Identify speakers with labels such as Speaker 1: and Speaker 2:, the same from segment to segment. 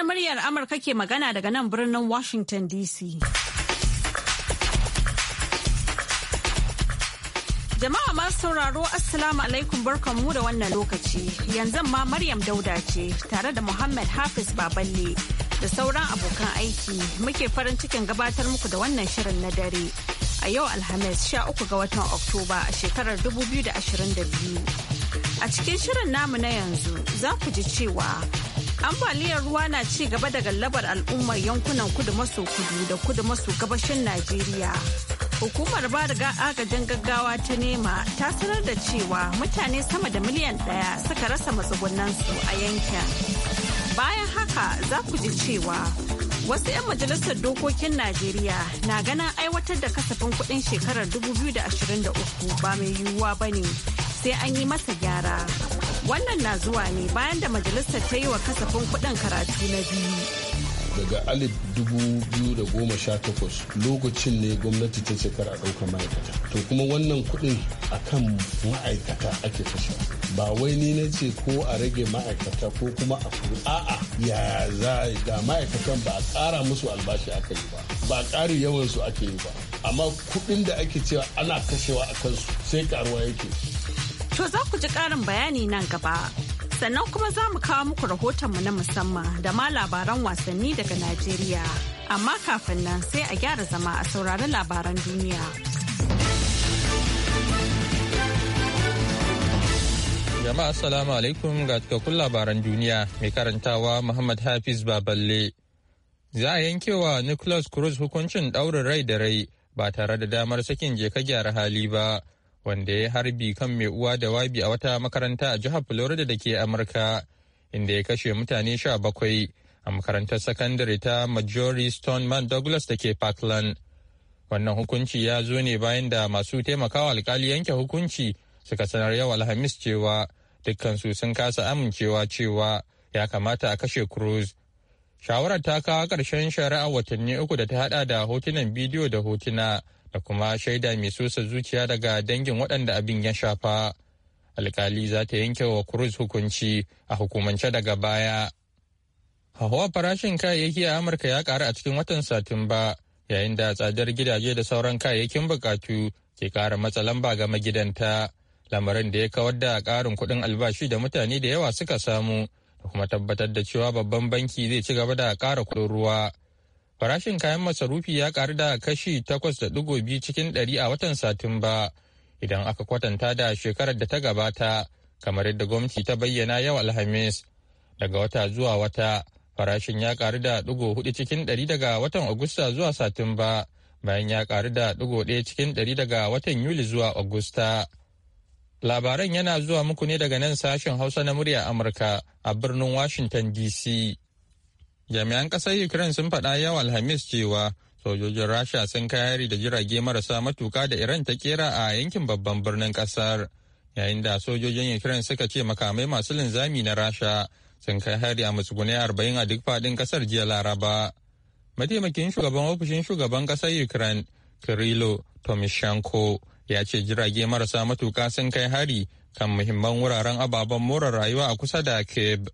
Speaker 1: na muryar Amurka ke magana daga nan birnin Washington DC. Jama'a masu sauraro Assalamu alaikum barkanmu da wannan lokaci. Yanzu ma Maryam Dauda ce tare da Muhammad Hafiz Baballe da sauran abokan aiki muke farin cikin gabatar muku da wannan shirin na dare. A yau Alhamis 13 ga watan Oktoba a shekarar 2022. A cikin shirin namu na yanzu za ku ji cewa ambaliyar ruwa na ci gaba da gallabar al'ummar yankunan kudu maso kudu da kudu maso gabashin najeriya hukumar ba da agajin gaggawa ta nema ta sanar da cewa mutane sama da miliyan ɗaya suka rasa matsugunansu a yankin bayan haka za ku ji cewa wasu 'yan majalisar dokokin najeriya na ganin aiwatar da kasafin kudin shekarar 2023 ba mai yiwuwa ba ne sai an yi masa gyara Wannan na zuwa ne bayan da majalisar ta yi wa kasafin kudin karatu na biyu.
Speaker 2: daga alif dubu biyu da goma sha takwas lokacin ne gwamnati ta ce kara ɗaukar ma'aikata to kuma wannan kuɗin a kan ma'aikata ake kashe ba wai ni na ce ko a rage ma'aikata ko kuma a kuri a'a ya za ga ma'aikatan ba a ƙara musu albashi aka yi ba ba a ƙari yawan su ake yi ba amma kuɗin da ake cewa ana kashewa a kansu sai karuwa yake
Speaker 1: To za ku ji ƙarin bayani nan gaba. Sannan kuma za mu kawo muku rahotonmu na musamman da ma labaran wasanni daga Najeriya. Amma kafin nan sai a gyara zama a saurari labaran duniya.
Speaker 3: Jama'a Assalamu alaikum ga cikakkun labaran duniya mai karantawa Muhammad Hafiz Baballe. Za a yankewa Nicholas Cruz hukuncin ɗaurin rai da rai ba tare da damar sakin je ka gyara hali ba. wanda ya harbi kan mai uwa da wabi a wata makaranta a jihar Florida da ke Amurka, inda ya kashe mutane sha bakwai a makarantar sakandare ta stone man Douglas da ke Parkland. Wannan hukunci ya zo ne bayan da masu taimakawa alkali yanke hukunci suka sanar yau Alhamis cewa dukkansu sun kasa amincewa cewa ya kamata a kashe Cruz. Shawarar ta kawo ƙarshen shari'a watanni uku da ta hada da hotunan bidiyo da hotuna da kuma shaida mai sosa zuciya daga dangin waɗanda abin ya shafa alkali za ta yanke wa cruz hukunci a hukumance daga baya hawa farashin kayayyaki a amurka ya ƙaru a cikin watan satumba yayin da tsadar gidaje da sauran kayayyakin bukatu ke ƙara matsa lamba ga magidanta lamarin da ya kawar da ƙarin kuɗin albashi da mutane da yawa suka samu da kuma tabbatar da cewa babban banki zai ci gaba da ƙara kuɗin ruwa Farashin kayan masarufi ya karu da kashi 8.2 cikin 100 a watan Satumba idan aka kwatanta da shekarar da ta gabata kamar yadda gwamnati ta bayyana yau Alhamis. Daga wata zuwa wata farashin ya karu da digo hudu cikin ɗari daga watan Agusta zuwa Satumba bayan ya karu da digo ɗaya cikin ɗari daga watan Yuli zuwa Agusta. Labaran yana zuwa muku ne daga nan sashen Hausa na murya Amurka a birnin Washington DC. Jami'an ƙasar Ukraine sun faɗa yau Alhamis cewa sojojin Rasha sun kai hari da jirage marasa matuka da Iran ta kera a yankin babban birnin ƙasar. Yayin da sojojin Ukraine suka ce makamai masu linzami na Rasha sun kai hari a musgunai arba'in a duk faɗin ƙasar jiya Laraba. Mataimakin shugaban ofishin shugaban ƙasar Ukraine, Kirilo Tomishenko, ya ce jirage marasa matuka sun kai hari kan muhimman wuraren ababen more rayuwa a kusa da kebe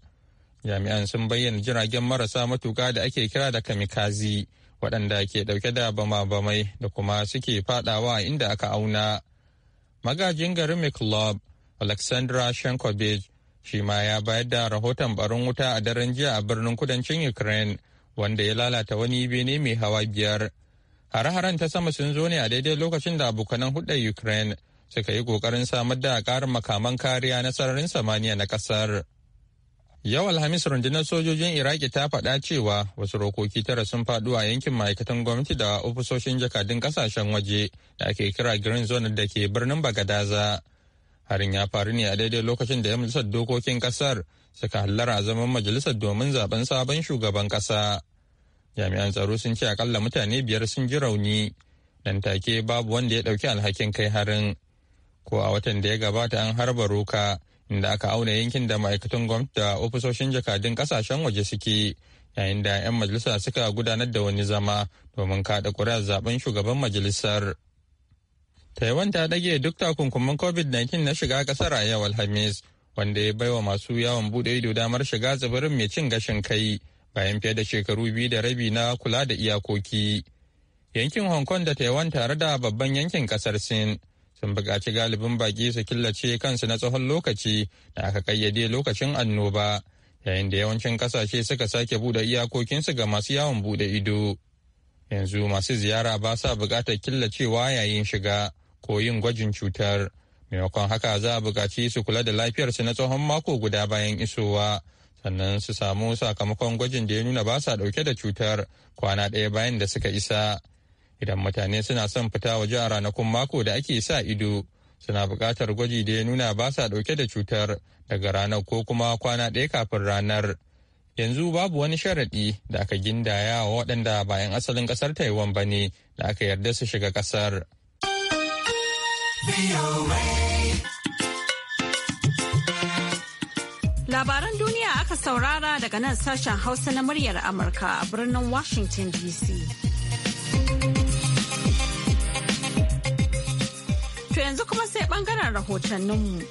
Speaker 3: jami'an sun bayyana jiragen marasa matuka da ake kira da kamikazi waɗanda ke ɗauke da bama-bamai da kuma suke fadawa inda aka auna magajin garin mcclub alexandra shankovic shi ma ya bayar da rahoton barin wuta a daren jiya a birnin kudancin ukraine wanda ya lalata wani bene mai hawa biyar hare-haren ta sama sun zo ne a daidai lokacin da abokanan hudar ukraine suka yi kokarin samar da karin makaman kariya na sararin samaniya na kasar Yau Alhamis rundunar sojojin Iraki ta faɗa cewa wasu rokoki tara sun faɗo a yankin ma'aikatan gwamnati da ofisoshin jakadun ƙasashen waje da ake kira Green Zone da ke birnin Bagadaza. Harin ya faru ne a daidai lokacin da ya majalisar dokokin ƙasar suka hallara a zaman majalisar domin zaben sabon shugaban ƙasa. Jami'an tsaro sun ce akalla mutane biyar sun ji rauni. dan take babu wanda ya ɗauki alhakin kai harin. Ko a watan da ya gabata an harba roka inda aka auna yankin da ma'aikatan gwamnati da ofisoshin jakadun kasashen waje suke yayin da 'yan majalisa suka gudanar da wani zama domin kada kuri'ar zaben shugaban majalisar taiwan ta ɗage duk takunkumin covid-19 na shiga ƙasar a yau alhamis wanda ya baiwa masu yawon buɗe ido damar shiga tsibirin mai cin gashin kai bayan fiye da shekaru biyu da rabi na kula da iyakoki yankin hong kong da taiwan tare da babban yankin ƙasar sin sun bukaci galibin baƙi su killace kansu na tsawon lokaci da aka kayyade lokacin annoba yayin da yawancin ƙasashe suka sake buɗe iyakokinsu ga masu yawon buɗe ido yanzu masu ziyara ba sa bukatar killacewa yayin shiga ko yin gwajin cutar maimakon haka za a bukaci su kula da lafiyarsu na tsawon mako guda bayan isowa sannan su samu sakamakon gwajin da ya nuna ba sa ɗauke da cutar kwana ɗaya bayan da suka isa idan mutane suna son fita waje a ranakun mako da ake sa ido suna buƙatar gwaji da ya nuna ba sa ɗauke da cutar daga ranar ko kuma kwana ɗaya kafin ranar yanzu babu wani sharaɗi da aka gindaya wa waɗanda bayan asalin ƙasar taiwan ba ne da aka yarda su shiga ƙasar
Speaker 1: labaran duniya aka saurara daga nan sashen hausa na muryar amurka a birnin washington dc To yanzu kuma sai bangaren rahotanninmu.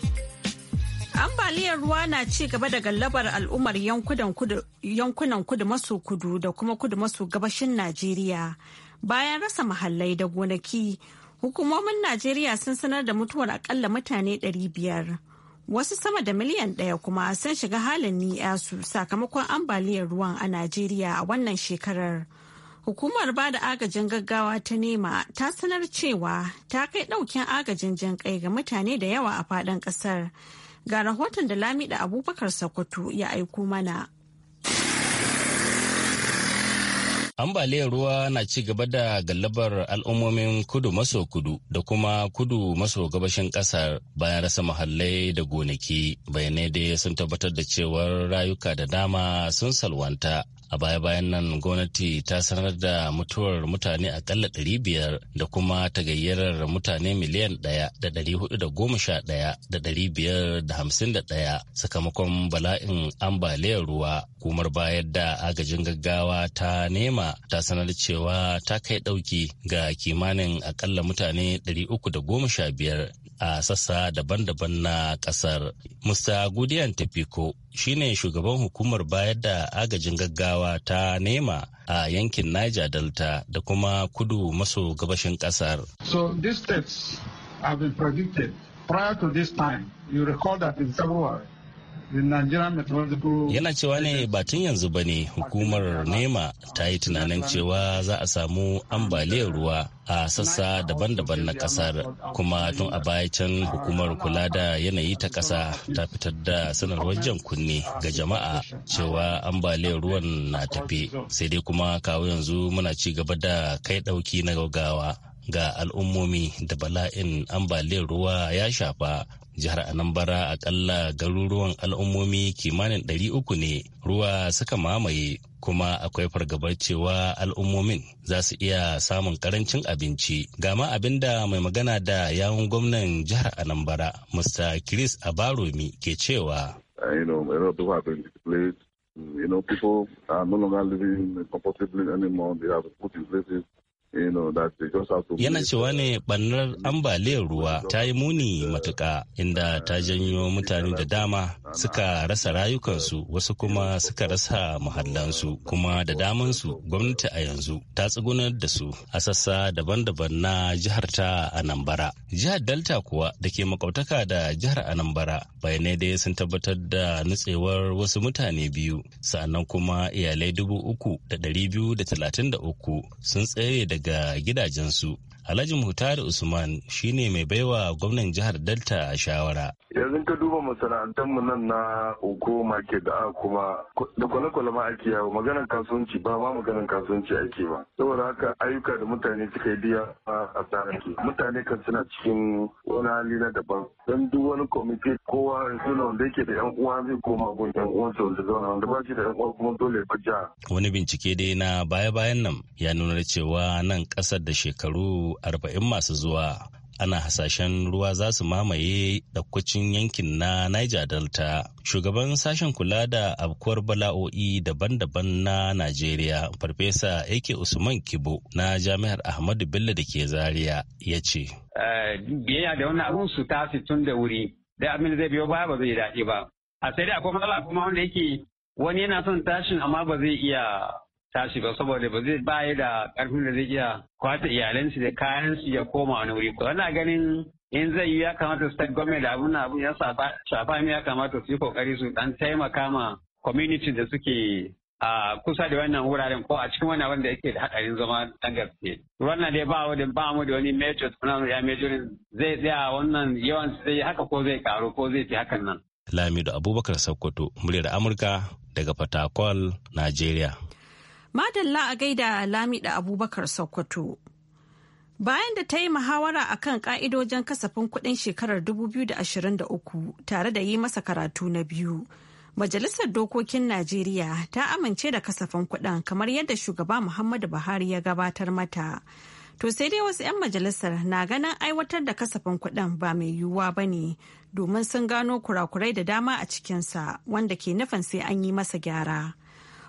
Speaker 1: Ambaliyar ruwa na ci gaba da gallabar al'ummar yankunan kudu maso kudu da kuma kudu maso gabashin Najeriya. Bayan rasa mahallai da gonaki, hukumomin Najeriya sun sanar da mutuwar akalla mutane 500. Wasu sama da miliyan ɗaya kuma sun shiga halin ni'yasu sakamakon ambaliyar ruwan a Najeriya a wannan shekarar. Hukumar ba da agajin gaggawa ta nema ta sanar cewa ta kai ɗaukin agajin jan kai ga mutane da yawa a faɗin ƙasar. Ga rahoton da Lamida Abubakar Sokoto ya aiko mana.
Speaker 4: Ambaliyar ruwa na ci gaba da gallabar al'ummomin kudu maso kudu da kuma kudu maso gabashin kasar bayan rasa mahallai da gonaki. Bayanai dai sun tabbatar da cewar rayuka da dama sun salwanta. A baya-bayan nan gwamnati ta sanar da mutuwar mutane akalla ɗari biyar da kuma tagayyarar mutane miliyan ɗaya da ɗari hudu da goma sha ɗaya da ɗari biyar da hamsin da ɗaya sakamakon bala'in ambaliyar ruwa. kumar bayar da agajin gaggawa ta nema ta sanar cewa ta kai ɗauki ga kimanin akalla mutane 315 a sassa daban-daban na ƙasar. Mr. Gudiyan Tafiko shine shugaban hukumar bayar da agajin gaggawa ta nema a yankin Niger Delta da kuma kudu maso gabashin ƙasar.
Speaker 3: So these steps have been
Speaker 5: predicted prior to this time. You recall that in February Yana
Speaker 4: cewa ne tun yanzu ba ne hukumar nema ta yi tunanin cewa za a samu ambaliyar ruwa a sassa daban-daban na kasar kuma tun a baya can hukumar kula da yanayi ta kasa ta fitar da sanarwar jan kunne ga jama'a cewa ambaliyar ruwan na tafe sai dai kuma kawo yanzu muna ci gaba da kai dauki na gaggawa ga al'ummomi da bala'in ambaliyar ruwa ya shafa jihar anambra akalla garuruwan al'ummomi kimanin ɗari uku ne ruwa suka mamaye kuma akwai fargabar cewa al'ummomin za su iya samun karancin abinci gama abin da mai magana da yawun gwamnan jihar anambra mr chris abaromi ke cewa
Speaker 5: uh, mm, You know, people are no longer living comfortably anymore. They have put in places Yana
Speaker 4: cewa ne ɓannar ambaliyar ruwa ta yi muni matuƙa inda ta janyo mutane da dama suka rasa rayukansu wasu kuma suka rasa muhallansu kuma da damansu gwamnati a yanzu ta tsugunar da su a sassa daban-daban na jihar ta Anambra. Jihar Delta kuwa da ke makautaka da jihar Anambra bayanai dai sun tabbatar da nutsewar wasu mutane biyu sannan kuma iyalai dubu uku da dari biyu da talatin da uku sun tsere daga daga gidajensu Alhaji Muhtari Usman shine mai baiwa gwamnan jihar Delta a shawara.
Speaker 2: Yanzu ka duba masana'antarmu nan na Oko Market
Speaker 3: da kuma da kwale-kwale ma ake yawo maganar kasuwanci ba ma maganar kasuwanci ake ba. Saboda haka ayyuka da mutane suka yi biya a tsaraki. Mutane kan suna cikin wani hali na daban. Don duk
Speaker 2: wani kwamiti kowa suna wanda yake
Speaker 3: da 'yan uwa zai koma gun 'yan uwansa
Speaker 2: wanda zauna wanda ba shi da 'yan uwa kuma dole ya
Speaker 4: Wani bincike dai na baya-bayan nan ya nuna cewa nan ƙasar da shekaru arba'in masu zuwa ana hasashen ruwa za su mamaye ɗaukacin yankin na niger delta shugaban sashen kula da abkuwar bala'o'i daban-daban na najeriya farfesa yake usman kibo na jami'ar ahmadu bello da ke Zariya ya ce
Speaker 5: eh, biyayya da wani
Speaker 4: abun su tasi tun da wuri da abin zai biyo ba ba zai daɗi ba a sai dai akwai matsala kuma wanda yake wani yana son tashin amma ba zai iya tashi ba saboda ba zai ya da karfin da zai iya kwata iyalansu da kayansu ya koma wani wuri. Wannan ganin in zai yi ya kamata state government da abun abun ya shafa ya kamata su yi kokari su dan taimaka ma community da suke a kusa da wannan wuraren ko a cikin wannan wanda yake da hadarin zama dan gaske wannan dai ba wani ba mu da wani major tunan ya major zai tsaya wannan yawan zai haka ko zai karu ko zai fi hakan nan Lamido Abubakar Sokoto muryar Amurka daga Fatakwal Najeriya
Speaker 1: Madalla a gaida da Abubakar Sokoto. Bayan da ta yi muhawara a kan ka'idojin kasafin kuɗin shekarar 2023 tare da yi masa karatu na biyu, Majalisar Dokokin Najeriya ta amince da kasafin kuɗin kamar yadda shugaba Muhammadu Buhari ya gabatar mata. To sai dai wasu 'yan majalisar na ganin aiwatar da kasafin kuɗin ba mai yiwuwa ba ne domin sun gano kurakurai da dama a cikinsa wanda ke nufin sai an yi masa gyara.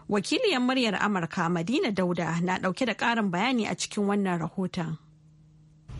Speaker 1: wakiliyar muryar amurka madina dauda na dauke da karin bayani a cikin wannan rahoton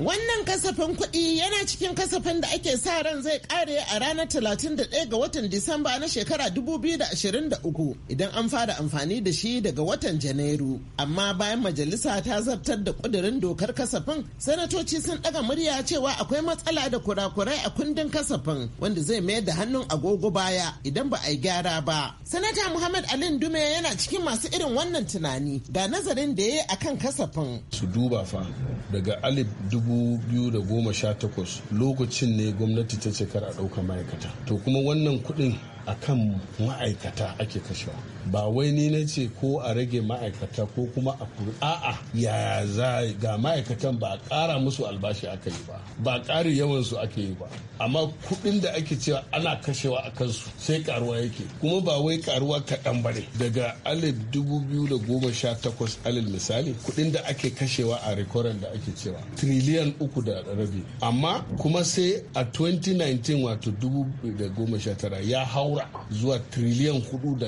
Speaker 6: Wannan kasafin kuɗi yana cikin kasafin da ake sa ran zai ƙare a ranar 31 ga watan Disamba na shekara 2023 idan an fara amfani da shi daga watan Janairu. Amma bayan majalisa ta zartar da ƙudurin dokar kasafin, sanatoci sun ɗaga murya cewa akwai matsala da kurakurai a kundin kasafin wanda zai mayar da hannun agogo baya idan ba a yi gyara ba. Sanata Muhammad Alin Dume yana cikin masu irin wannan tunani ga nazarin da ya yi akan
Speaker 2: kasafin. Su duba fa daga alif dubu 2018 lokacin ne gwamnati ta ce kar a ɗauka ma'aikata to kuma wannan kuɗin akan ma'aikata ake kashewa ba wai ni na ce ko a rage ma'aikata ko kuma a a'a yaya za ga ma'aikatan ba a kara musu albashi aka yi ba ba ƙari yawan su ake yi ba amma kuɗin da ake cewa ana kashewa a kansu sai karuwa yake kuma ba wai karuwa kaɗan ba ne daga alif dubu biyu da goma sha takwas alif misali kuɗin da ake kashewa a rikoran da ake cewa triliyan uku da rabi amma kuma sai a 2019 wato dubu da goma sha tara ya hau haura zuwa triliyan hudu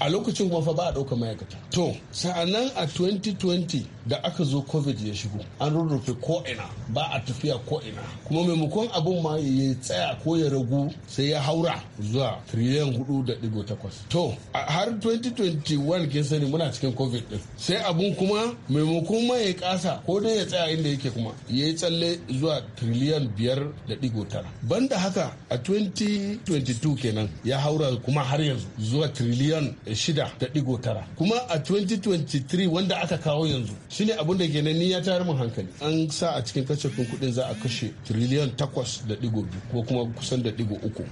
Speaker 2: a lokacin kuma fa ba a ɗauka ma'aikata to sa'annan a 2020 da aka zo covid ya shigo an rurrufe koina ba a tafiya koina kuma maimakon abun ma ya tsaya ko ya ragu sai ya haura zuwa triliyan hudu da digo takwas to har 2021 kin sani muna cikin covid din sai abun kuma maimakon ma ya kasa ko dai ya tsaya inda yake kuma ya yi tsalle zuwa triliyan biyar da digo tara banda haka a 2022 kenan ya haura kuma har yanzu zuwa triliyan shida da digo tara kuma a 2023 wanda aka kawo yanzu shine abin da ke nan ya tayar mu hankali an sa a cikin kasafin kuɗin za a kashe triliyan takwas da digo biyu ko kuma kusan da digo uku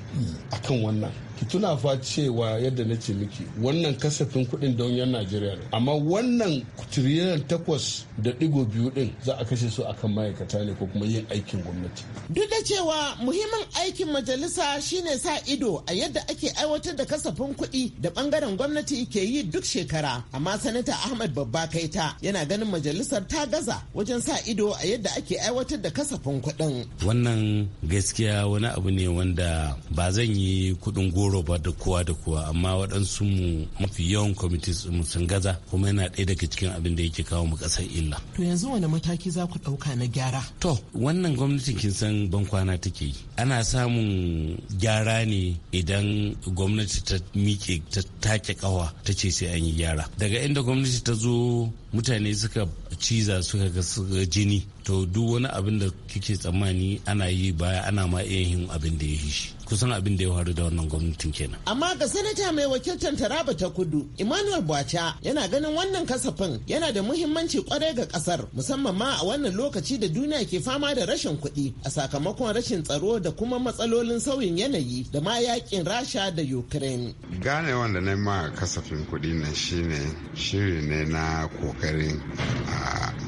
Speaker 2: akan wannan ki tuna fa cewa yadda na ce miki wannan kasafin kuɗin don yan najeriya ne amma wannan triliyan takwas da digo biyu din za a kashe su akan ma'aikata ne ko kuma yin aikin gwamnati
Speaker 6: duk da cewa muhimmin aikin majalisa shine sa ido a yadda yadda ake aiwatar da kasafin kuɗi da bangaren gwamnati ke yi duk shekara amma sanata ahmad babba kaita yana ganin majalisar ta gaza wajen sa ido a yadda ake aiwatar da kasafin kuɗin
Speaker 4: wannan gaskiya wani abu ne wanda ba zan yi kuɗin goro ba da kowa da kowa amma waɗansu mu mafi yawan kwamitis mu sun gaza kuma yana ɗaya daga cikin abin da yake kawo mu ƙasar illa
Speaker 6: to yanzu wani mataki za ku ɗauka na gyara
Speaker 4: to wannan gwamnatin kin san ban kwana take yi ana samun gyara ne idan an gwamnati ta mike ta take kawa ta ce sai an yi gyara daga inda gwamnati ta zo mutane suka ciza suka ga jini to duk wani abin da kike tsammani ana yi baya ana ma iya yin abin da ya shi kusan abin da ya faru da wannan gwamnatin kenan
Speaker 6: amma ga sanata mai wakiltar taraba ta kudu emmanuel bwacha yana ganin wannan kasafin yana da muhimmanci kwarai ga kasar musamman ma a wannan lokaci da duniya ke fama da rashin kuɗi a sakamakon rashin tsaro da kuma matsalolin sauyin yanayi da ma yakin rasha da ukraine gane
Speaker 4: wanda na ma kasafin kuɗi nan shine shiri ne na ko kokarin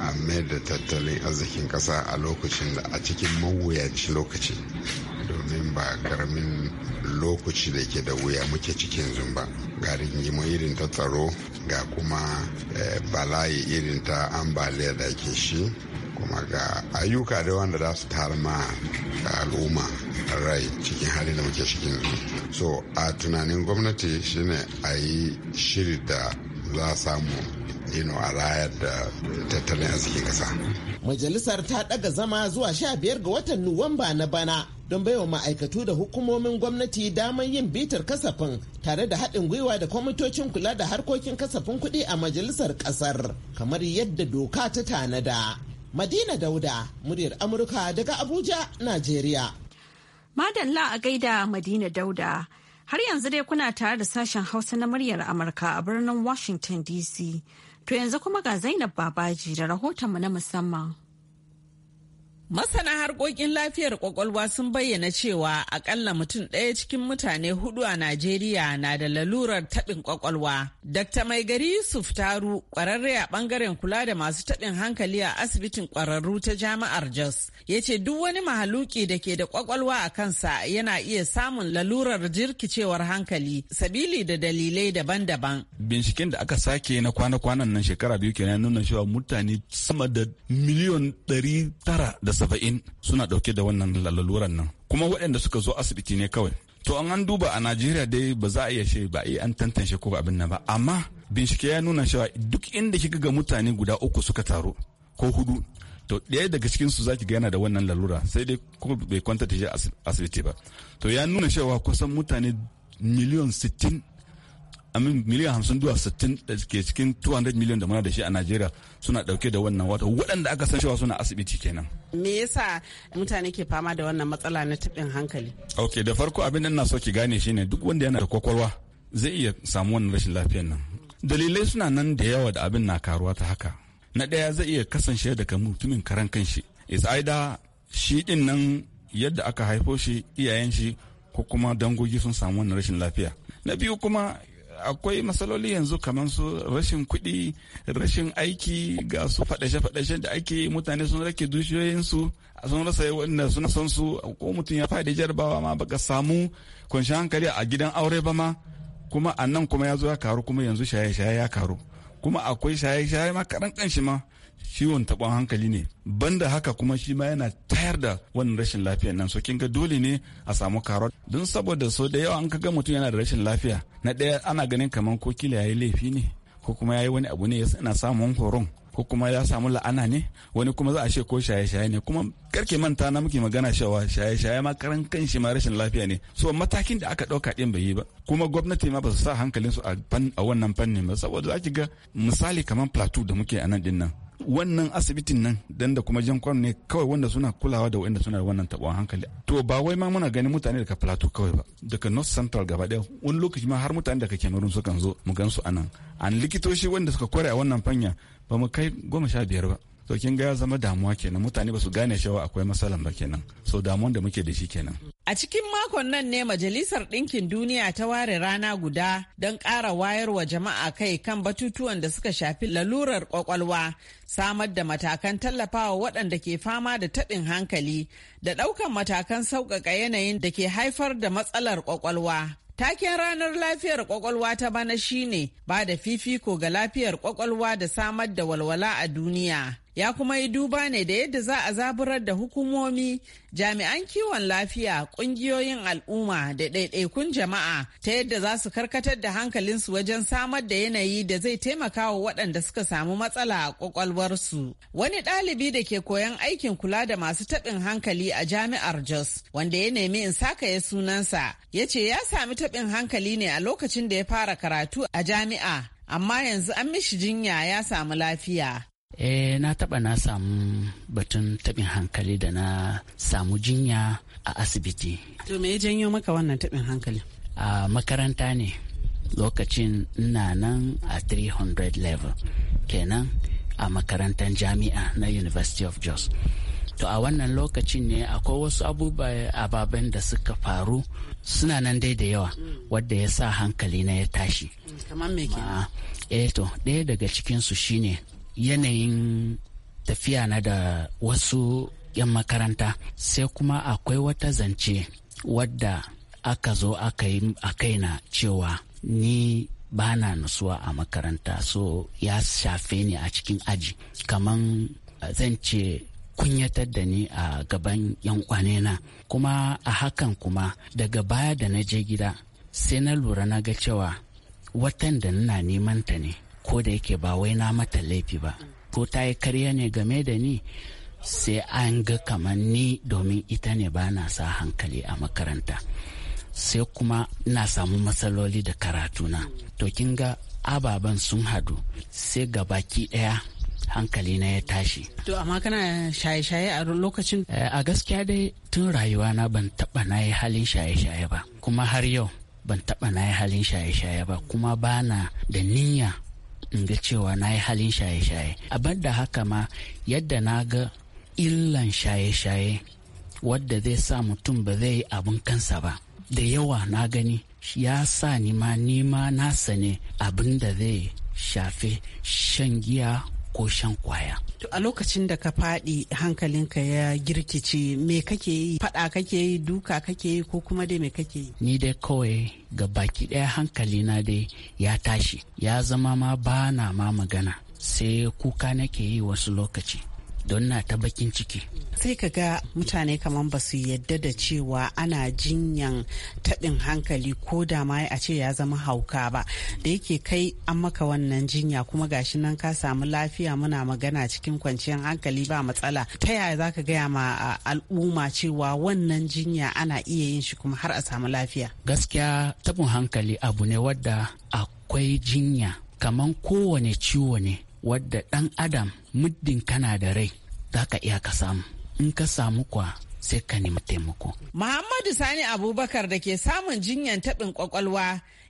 Speaker 4: a mayar da tattalin arzikin kasa a lokacin da a cikin mawuyaci lokaci domin ba karamin lokaci da ke da wuya muke cikin zumba ga rigima irin ta tsaro ga kuma eh, bala'i irin ta ambaliya da ke shi kuma ga ayyuka da wanda za su tarma ga al'umma rai cikin hali da muke cikin so a tunanin gwamnati shine a yi shiri da za a samu ino a rayar da
Speaker 6: tattalin arzikin kasa. Majalisar ta daga zama zuwa sha biyar ga watan Nuwamba na bana don baiwa ma'aikatu da hukumomin gwamnati damar yin bitar kasafin tare da haɗin gwiwa da kwamitocin kula da harkokin kasafin kuɗi a majalisar ƙasar kamar yadda doka ta tanada. Madina Dauda, muryar Amurka daga Abuja, Najeriya.
Speaker 1: Madalla a gaida Madina Dauda. Har yanzu dai kuna tare da sashen Hausa na muryar Amurka a birnin Washington DC. To yanzu kuma ga Zainab Babaji da rahotonmu na musamman.
Speaker 7: Masana harkokin lafiyar kwakwalwa sun bayyana cewa akalla mutum ɗaya cikin mutane hudu a Najeriya na da lalurar taɓin kwakwalwa. Dr. Mai gari Yusuf Taru, ƙwararre a ɓangaren kula da masu taɓin hankali a asibitin ƙwararru ta Jami'ar Jos, ya ce duk wani mahaluki da ke da kwakwalwa a kansa yana iya samun lalurar jirkicewar hankali, sabili da dalilai daban-daban.
Speaker 5: Binciken da aka sake na kwana-kwanan nan shekara biyu kenan nuna cewa mutane sama da miliyon ɗari tara da saba'in suna ɗauke da wannan lalurar nan kuma waɗanda suka zo asibiti ne kawai to an an duba a najeriya dai ba za a iya shi ba eh an tantance ko abin nan ba amma bincike ya nuna cewa duk inda kika ga mutane guda uku suka taru ko hudu to ɗaya daga cikin su zaki ga yana da wannan lalura sai dai ko bai kwanta ta asibiti ba to ya nuna cewa kusan mutane miliyan sittin amin miliyan hamsin zuwa sittin da ke cikin 200 miliyan da muna da shi a najeriya suna dauke da wannan wata waɗanda aka san cewa suna asibiti kenan
Speaker 7: me yasa mutane ke fama da wannan matsala na taɓin hankali
Speaker 5: ok da farko abin da na so ki gane shine duk wanda yana da kwakwalwa zai iya samu wannan rashin lafiyan nan dalilai suna nan da yawa da abin na karuwa ta haka na ɗaya zai iya kasance daga mutumin karan kanshi is aida shi din nan yadda aka haifo shi iyayen shi ko kuma dangogi sun samu wannan rashin lafiya na biyu kuma akwai matsaloli yanzu kamar su rashin kuɗi rashin aiki ga su faɗashe-faɗashe da ake mutane sun rake a sun rasa wanda suna son su ko mutum ya faɗi jarabawa ma baka samu kunshi hankali a gidan aure ba ma kuma a nan kuma ya zo ya karu kuma yanzu shaye-shaye ya karu kuma akwai shaye-shaye ma karan kanshi ma ciwon taɓon hankali ne banda haka kuma shi ma yana tayar da wannan rashin lafiya nan so ga dole ne a samu karot don saboda so da yawa an ka ga mutum yana da rashin lafiya na ɗaya ana ganin kamar ko kila ya yi laifi ne ko kuma ya yi wani abu ne yana samun horon ko kuma ya samu la'ana ne wani kuma za a ce ko shaye-shaye ne kuma karke manta na muke magana cewa shaye-shaye ma karan kanshi ma rashin lafiya ne so matakin da aka ɗauka ɗin bai yi ba kuma gwamnati ma ba su sa hankalin su a wannan fannin ba saboda za ki ga misali kamar plateau da muke a nan dinnan. wannan asibitin nan dan da kuma jan kwano ne kawai wanda suna kulawa da wanda suna da wannan tabo hankali to ba wai ma muna ganin mutane daga plateau kawai ba daga north central gaba daya wani lokaci ma har mutane daga cameroon sukan zo mu gan su anan an likitoshi wanda suka kware a wannan fanya ba mu kai goma sha biyar ba to kin ga ya zama damuwa kenan mutane ba su gane cewa akwai matsalan ba kenan so damuwan da muke da shi kenan
Speaker 7: a cikin makon nan ne majalisar ɗinkin duniya ta ware rana guda don ƙara wayarwa jama'a kai kan batutuwan da suka shafi lalurar kwakwalwa samar da matakan tallafawa waɗanda ke fama da taɓin hankali da ɗaukan matakan sauƙaƙa yanayin da ke haifar da matsalar ƙwaƙwalwa. Taken ranar lafiyar ƙwaƙwalwa ta bana shine ba da fifiko ga lafiyar ƙwaƙwalwa da samar da walwala a duniya. ya kuma yi duba ne da yadda za a zaburar da hukumomi jami'an kiwon lafiya kungiyoyin al'umma da ɗaiɗaikun jama'a ta yadda za su karkatar da hankalinsu wajen samar da yanayi da zai taimaka wa waɗanda suka samu matsala a ƙwaƙwalwarsu wani ɗalibi da ke koyon aikin kula da masu taɓin hankali a jami'ar jos wanda ya nemi in saka ya sunansa ya ce ya sami taɓin hankali ne a lokacin da ya fara karatu a jami'a amma yanzu an mishi jinya ya samu lafiya
Speaker 8: Eh na taɓa na samu batun taɓin hankali da na samu jinya a asibiti. To me ya janyo maka wannan taɓin hankali? A makaranta ne lokacin na nan a 300 level kenan a makarantar jami'a na University of Jos. to a wannan lokacin ne akwai wasu abubuwa ababen da suka faru suna nan dai da yawa wadda ya sa hankali na ya tashi mm, kamar me ke Eto, eh to ɗaya daga cikinsu shine yanayin tafiya na da wasu 'yan makaranta sai kuma akwai wata zance wadda aka zo aka yi a kaina cewa ni ba na nutsuwa a makaranta so ya shafe ni a cikin aji Kamar zance kunyatar da ni a gaban yan kwanena kuma a hakan kuma daga baya da na je gida sai na lura na ga cewa watan da nuna neman ta ne ko da yake ba wai na mata laifi ba ko ta yi karya ne game da ni sai an ga kamar ni domin ita ne ba na sa hankali a makaranta sai kuma na samu matsaloli da karatuna to kin ga ababen sun hadu sai ga baki daya hankali na ya tashi.
Speaker 7: To amma kana shaye-shaye a lokacin?
Speaker 8: Eh, a gaskiya dai tun rayuwa na ban taba na yi halin shaye-shaye ba. Kuma har yau ban taba na yi halin shaye-shaye ba. Kuma bana da niyya in ga cewa na yi halin shaye-shaye abin da haka ma yadda na ga illan shaye-shaye wadda zai sa mutum ba zai yi abin kansa ba da yawa na gani ya sa ni ma nima nasa ne abin da zai shafe shan giya ko shan kwaya. To a
Speaker 7: lokacin da ka faɗi hankalinka ya girkice me kake yi faɗa kake yi
Speaker 8: duka kake
Speaker 7: yi ko kuma dai me kake yi?
Speaker 8: Ni dai kawai ga baki ɗaya hankalina dai ya tashi ya zama ma ba na ma magana sai kuka nake yi wasu lokaci don na ta bakin ciki
Speaker 7: sai ka ga mutane kamar ba su yadda da cewa ana jinyan taɓin hankali ko da ma a ce ya zama hauka ba da yake kai an maka wannan jinya kuma gashi nan ka samu lafiya muna magana cikin kwanciyar hankali ba matsala ta yaya za ka gaya ma al'umma cewa wannan jinya ana iya yin shi kuma har a samu lafiya
Speaker 8: gaskiya taɓin hankali abu ne wadda akwai jinya kamar kowane ciwo ne wadda ɗan adam muddin kana da rai za ka iya ka samu in ka samu kwa sai ka nemi taimako.
Speaker 7: Muhammadu Sani Abubakar da ke samun jinyar taɓin kwakwalwa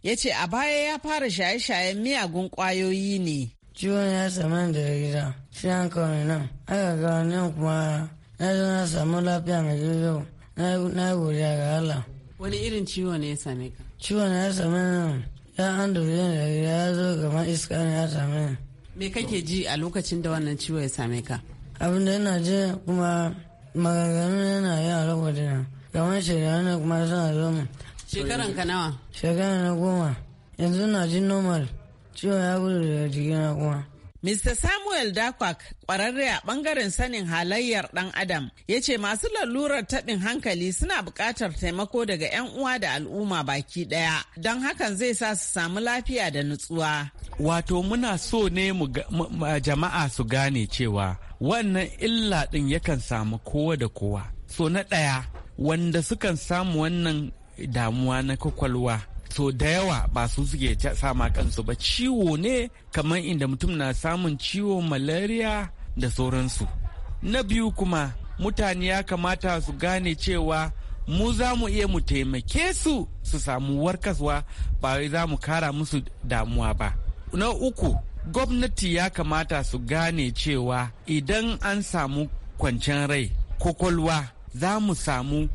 Speaker 7: ya ce a baya ya fara shaye-shayen miyagun ƙwayoyi ne. Ciwon ya samu da gida, shi an kawai nan, aka kawai nan kuma na zo na samu lafiya mai yau na godiya ga Allah. Wani irin ciwo ne ya same ka? Ciwon ya same nan, ya an da gida ya zo kamar iska ne ya same ni. me kake ji a lokacin da wannan ciwo ya same ka abin da yana ji kuma maganganu yana yara wadana kamar shekaru ne kuma suna zo mu shekaran ka nawa Shekaran na goma yanzu na ji normal ciwo ya gudu daga jikina kuma Mr. Samuel Dakwak, kwararre a bangaren sanin halayyar ɗan Adam, ya ce masu lalurar taɓin hankali suna buƙatar taimako daga 'yan uwa da al'umma baki ɗaya, don hakan zai sa su samu lafiya
Speaker 9: da nutsuwa. Wato muna so ne jama'a su gane cewa wannan illa ɗin yakan samu kowa da kowa. So na ɗaya, wanda sukan samu wannan damuwa na kwakwalwa so da yawa ba su suke sama kansu ba ciwo ne kamar inda mutum na samun ciwo malaria da sauransu na biyu kuma mutane ya kamata su gane cewa mu za mu iya mu taimake su su samu warkaswa ba wai za mu kara musu damuwa ba na uku gwamnati ya kamata su gane cewa idan an samu kwancen rai kwakwalwa za mu samu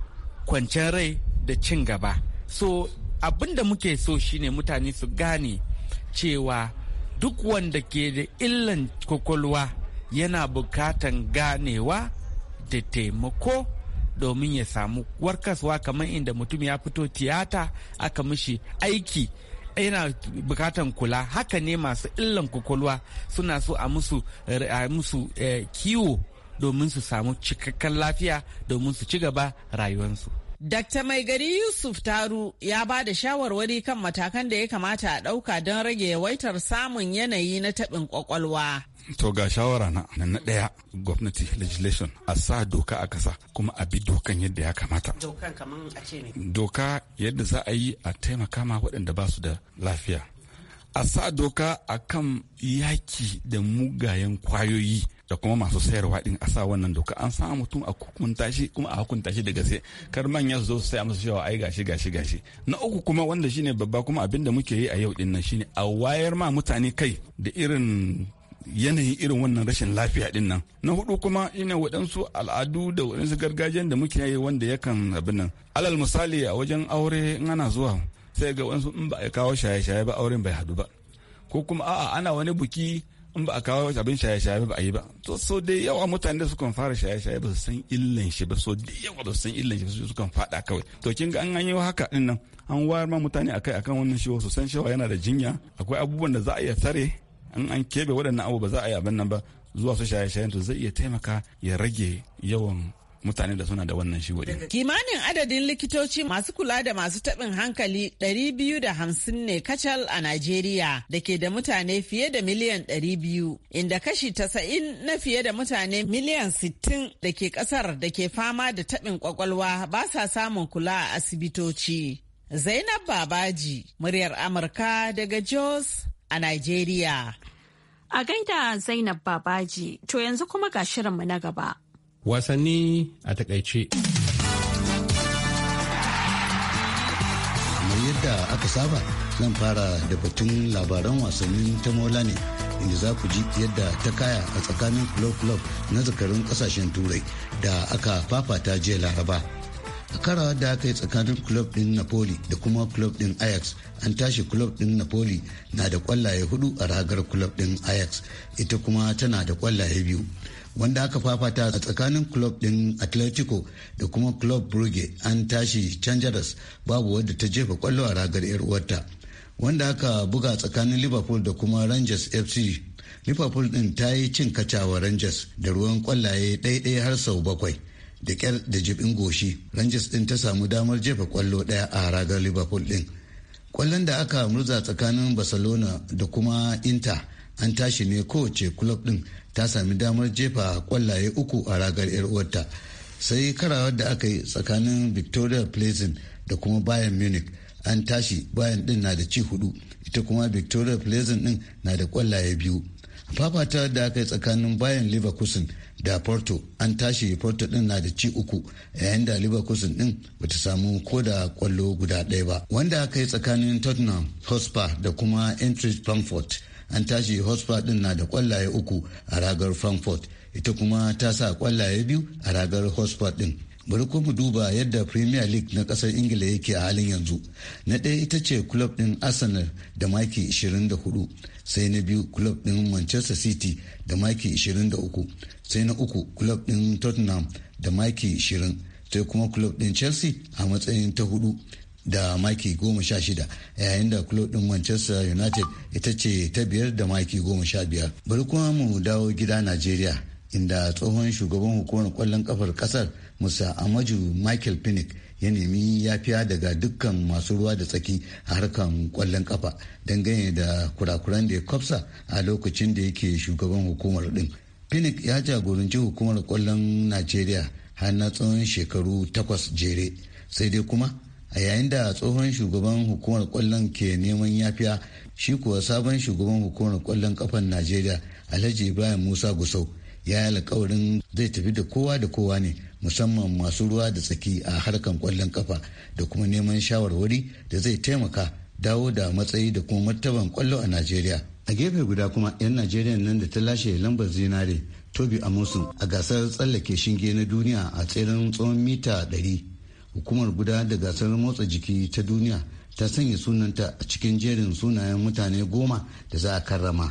Speaker 9: kwancen rai da cin gaba so abin da muke so shine mutane su gane cewa duk wanda ke da illan kwakwalwa yana bukatan ganewa da taimako domin ya samu warkaswa kamar inda mutum ya fito tiyata aka mishi aiki yana bukatan kula haka ne masu illan kwakwalwa suna so a musu, eh, kiwo domin su samu cikakken lafiya domin su ci gaba rayuwarsu.
Speaker 7: Dr. Mai gari Yusuf Taru ya ba da shawarwari kan matakan da ya kamata a ɗauka don rage yawaitar samun yanayi na taɓin ƙwaƙwalwa.
Speaker 5: To ga shawara na na ɗaya gwamnati legislation a sa doka a ƙasa kuma a bi dokan yadda ya kamata. Doka yadda za a yi a taimaka ma waɗanda ba su da lafiya. A sa doka a kan yaki da mugayen kwayoyi da kuma masu sayarwa din a sa wannan doka an samu mutum a hukunta shi kuma a hukunta shi daga sai kar manya su zo su saya musu cewa ai gashi gashi gashi na uku kuma wanda shine babba kuma abinda muke yi a yau din nan shine a wayar ma mutane kai da irin yanayin irin wannan rashin lafiya din nan na hudu kuma ina waɗansu al'adu da waɗansu gargajiyan da muke yi wanda yakan abin nan alal misali a wajen aure in ana zuwa sai ga wasu in ba a kawo shaye-shaye ba auren bai hadu ba ko kuma a'a ana wani buki in ba a kawo abin shaye-shaye ba a yi ba to so da yawa mutane da suka fara shaye-shaye ba su san illan shi ba so da yawa ba su san illan shi ba su kan fada kawai to kin ga an an yi haka din nan an wayar ma mutane akai akan wannan shi su san shawa yana da jinya akwai abubuwan da za a iya tare in an kebe waɗannan abu ba za a yi abin nan ba zuwa su shaye-shayen to zai iya taimaka ya rage yawan mutane da suna da wannan ciwo
Speaker 7: Kimanin adadin likitoci masu kula da masu taɓin hankali 250 ne kacal a Najeriya da ke da mutane fiye da miliyan 200 inda kashi 90 na fiye da mutane miliyan 60 da ke ƙasar da ke fama da taɓin ƙwaƙwalwa ba sa samun kula a asibitoci. Zainab Babaji, muryar Amurka daga Jos a Najeriya. A gaida Zainab Babaji, to yanzu
Speaker 1: kuma ga shirinmu na gaba.
Speaker 3: wasanni a takaice.
Speaker 10: kamar yadda aka saba zan fara da batun labaran wasannin ta mola ne inda za ku ji yadda ta kaya a tsakanin club-club na zakarun kasashen turai da aka fafata jiya laraba a kara da aka yi tsakanin club din napoli da kuma club din ajax an tashi club din napoli na da kwallaye hudu a ragar club din ajax ita kuma tana da kwallaye biyu wanda aka fafata a tsakanin club din atletico da kuma club brugge an tashi canjaras babu wadda ta jefa kwallo a ragar 'yar uwarta wanda aka buga tsakanin liverpool da kuma rangers fc liverpool din ta yi cin kacawa rangers da ruwan kwallaye ɗaiɗai har sau bakwai da ƙyar da jibin goshi rangers din ta samu damar jefa kwallo ɗaya a ragar liverpool din kwallon da aka murza tsakanin barcelona da kuma inter an tashi ne kowace club din ta sami damar jefa kwallaye uku a ragar 'yar uwarta sai karawar da aka yi tsakanin victoria pleasant da kuma bayan munich an tashi bayan din na da ci hudu ita kuma victoria pleasant din na da kwallaye biyu fafata da aka yi tsakanin bayan leverkusen da porto an tashi porto din na da ci uku yayin da leverkusen din bata samu ko da kwallo guda ɗaya ba wanda aka yi tsakanin tottenham hotspur da kuma eintracht frankfurt an tashi hotspur din na da kwallaye uku a ragar frankfurt ita kuma ta sa kwallaye biyu a ragar hotspur din bari ko mu duba yadda premier league na kasar ingila yake a halin yanzu na ɗaya ita ce club din arsenal da maki 24 sai na biyu club din manchester city da maki 23 sai na uku club din tottenham da maki 20 sai kuma club din chelsea a matsayin ta hudu da maki goma sha shida yayin da club din manchester united ita ce ta biyar da maki goma sha biyar bari kuma mu dawo gida nigeria inda tsohon shugaban hukumar kwallon kafar kasar musa amaju michael pinnick ya nemi yafiya daga dukkan masu ruwa da tsaki a harkar kwallon kafa dangane da kurakuran da ya kwafsa a lokacin da yake shugaban hukumar din pinnick ya jagoranci hukumar kwallon nigeria har na tsawon shekaru takwas jere sai dai kuma a yayin da tsohon shugaban hukumar kwallon ke neman yafiya shi kuwa sabon shugaban hukumar kwallon kafan najeriya alhaji ibrahim musa gusau ya yi alkawarin zai tafi da kowa da kowa ne musamman masu ruwa da tsaki a harkan kwallon kafa da kuma neman shawarwari da zai taimaka dawo da matsayi da kuma martaban kwallo a najeriya a gefe guda kuma 'yan najeriya nan da ta lashe lambar zinare tobi musu a gasar tsallake shinge na duniya a tseren tsawon mita ɗari. hukumar guda da gasar motsa jiki ta duniya ta sanya sunanta a cikin jerin sunayen mutane goma da za a karrama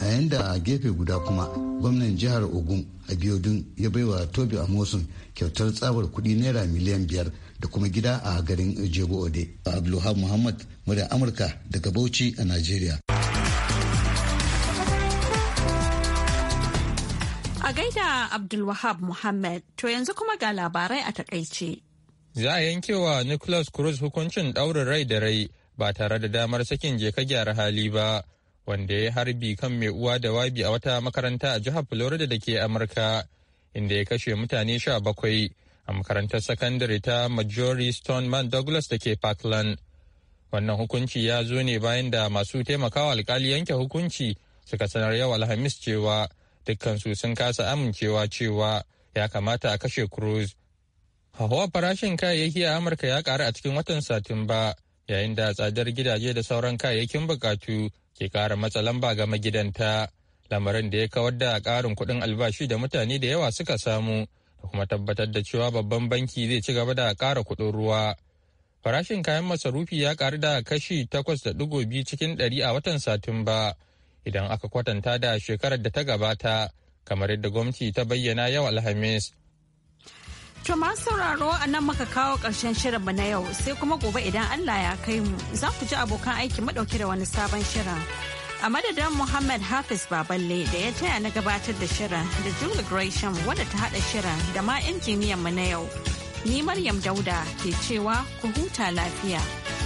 Speaker 10: a yanda a gefe guda kuma gwamnan jihar ogun biyodun ya baiwa tobi amosun kyautar tsabar kudi naira miliyan biyar da kuma gida a garin jego ode abdulhab muhammad murya amurka daga bauchi a nigeria
Speaker 1: a gaida abdulwahab muhammad to yanzu kuma ga labarai a takaice
Speaker 3: za a wa Nicholas Cruz hukuncin ɗaurin rai da rai ba tare da damar sakin je ka gyara hali ba, wanda ya harbi kan mai uwa da wabi a wata makaranta a jihar Florida da ke Amurka, inda ya kashe mutane sha bakwai a makarantar sakandare ta stone man Douglas da ke Parkland. Wannan hukunci ya zo ne bayan da masu taimakawa alkali yanke hukunci suka sanar yau Alhamis cewa dukkansu sun kasa amincewa cewa ya kamata a kashe Cruz Hawa farashin kayayyaki a Amurka ya ƙaru a cikin watan Satumba, yayin da tsadar gidaje da sauran kayayyakin buƙatu ke ƙara matsalan ba ga magidanta, lamarin da ya kawar da ƙarin kuɗin albashi da mutane da yawa suka samu, da kuma tabbatar da cewa babban banki zai ci gaba da ƙara kuɗin ruwa. Farashin kayan masarufi ya ƙaru da kashi takwas da ɗigo biyu cikin ɗari a watan Satumba, idan aka kwatanta da shekarar da ta gabata, kamar yadda gwamnati ta bayyana yau Alhamis.
Speaker 1: To masu sauraro a nan muka kawo ƙarshen shirinmu na yau sai kuma gobe idan Allah ya kai mu za ku ji abokan aiki madauke da wani sabon shirin. A madadin Muhammad Hafiz Baballe da ya taya na gabatar da shirin da Julie Gresham wadda ta haɗa shirin da ma injiniyan mu na yau. Ni Maryam Dauda ke cewa ku huta lafiya.